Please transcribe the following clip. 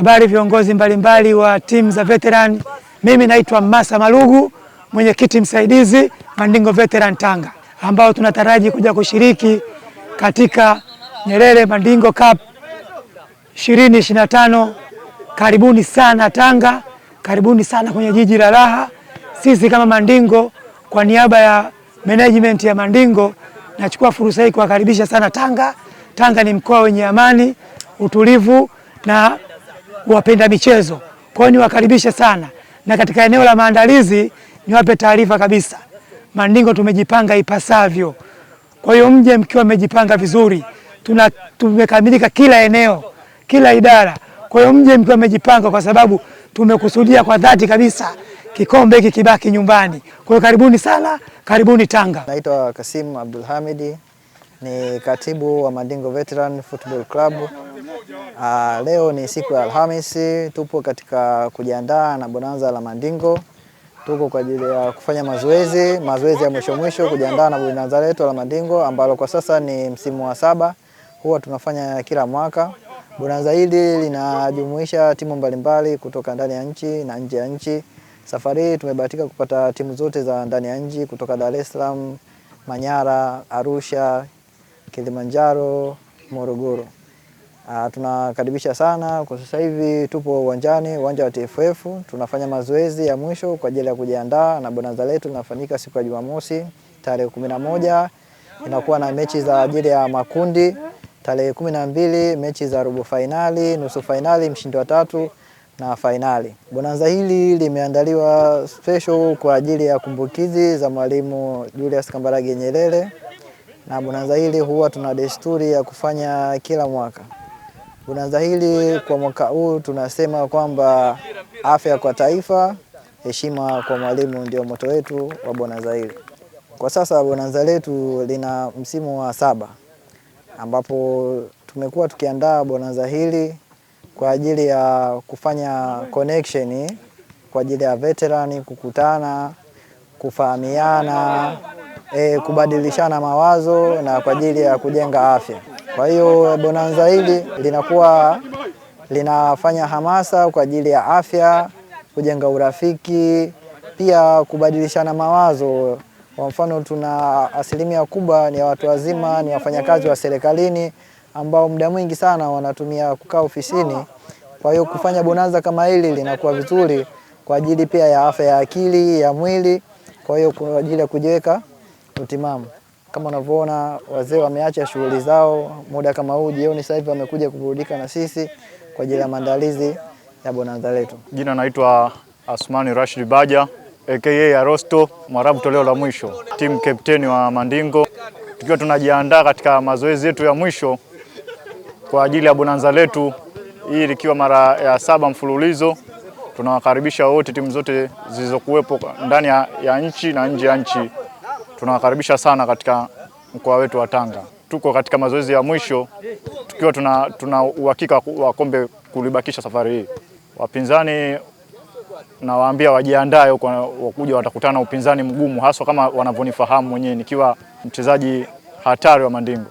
Habari viongozi mbalimbali mbali wa timu za veteran. Mimi naitwa Masa Malugu, mwenyekiti msaidizi Mandingo Veteran Tanga, ambao tunataraji kuja kushiriki katika Nyerere Mandingo Cup 2025. Karibuni sana Tanga, karibuni sana kwenye jiji la raha. Sisi kama Mandingo, kwa niaba ya management ya Mandingo, nachukua fursa hii kuwakaribisha sana Tanga. Tanga ni mkoa wenye amani, utulivu na wapenda michezo. Kwa hiyo niwakaribishe sana, na katika eneo la maandalizi niwape taarifa kabisa, Mandingo tumejipanga ipasavyo. Kwa hiyo mje mkiwa mmejipanga vizuri, tuna tumekamilika kila eneo, kila idara. Kwa hiyo mje mkiwa mmejipanga, kwa sababu tumekusudia kwa dhati kabisa kikombe hiki kibaki nyumbani. Kwa hiyo karibuni sana, karibuni Tanga. Naitwa Kasim Abdulhamidi, ni katibu wa Mandingo Veteran Football Club. Uh, leo ni siku ya Alhamisi, tupo katika kujiandaa na bonanza la Mandingo. Tuko kwa ajili ya kufanya mazoezi, mazoezi ya mwisho mwisho kujiandaa na bonanza letu la Mandingo ambalo kwa sasa ni msimu wa saba, huwa tunafanya kila mwaka. Bonanza hili linajumuisha timu mbalimbali kutoka ndani ya nchi na nje ya nchi. Safari hii tumebahatika kupata timu zote za ndani ya nchi kutoka Dar es Salaam, Manyara, Arusha, Kilimanjaro, Morogoro. Uh, tunakaribisha sana kwa sasa hivi, tupo uwanjani, uwanja wa TFF tunafanya mazoezi ya mwisho kwa ajili ya kujiandaa na bonanza letu linafanyika siku ya Jumamosi tarehe kumi na moja inakuwa na mechi za ajili ya makundi, tarehe kumi na mbili mechi za robo fainali, nusu fainali, mshindi wa tatu na fainali. Bonanza hili limeandaliwa special kwa ajili ya kumbukizi za Mwalimu Julius Kambarage Nyerere, na bonanza hili huwa tuna desturi ya kufanya kila mwaka. Unaanza hili kwa mwaka huu tunasema kwamba afya kwa taifa, heshima kwa mwalimu ndio moto wetu wa bonanza hili. Kwa sasa bonanza letu lina msimu wa saba ambapo tumekuwa tukiandaa bonanza hili kwa ajili ya kufanya connection kwa ajili ya veterani kukutana, kufahamiana e, kubadilishana mawazo na kwa ajili ya kujenga afya. Kwa hiyo bonanza hili linakuwa linafanya hamasa kwa ajili ya afya, kujenga urafiki, pia kubadilishana mawazo. Kwa mfano, tuna asilimia kubwa ni watu wazima, ni wafanyakazi wa serikalini ambao muda mwingi sana wanatumia kukaa ofisini. Kwa hiyo kufanya bonanza kama hili linakuwa vizuri kwa ajili pia ya afya ya akili, ya mwili, kwa hiyo kwa ajili ya kujiweka utimamu. Kama unavyoona wazee wameacha shughuli zao muda kama huu jioni, sasa hivi wamekuja kuburudika na sisi kwa ajili ya maandalizi ya bonanza letu. Jina naitwa Asmani Rashid Baja aka Arosto Mwarabu, toleo la mwisho, timu captain wa Mandingo, tukiwa tunajiandaa katika mazoezi yetu ya mwisho kwa ajili ya bonanza letu, hii likiwa mara ya saba mfululizo. Tunawakaribisha wote, timu zote zilizokuwepo ndani ya nchi na nje ya nchi tunawakaribisha sana katika mkoa wetu wa Tanga. Tuko katika mazoezi ya mwisho tukiwa tuna, tuna uhakika wa kombe kulibakisha safari hii. Wapinzani nawaambia wajiandae huko, wakuja watakutana upinzani mgumu, haswa kama wanavyonifahamu mwenyewe nikiwa mchezaji hatari wa Mandingo.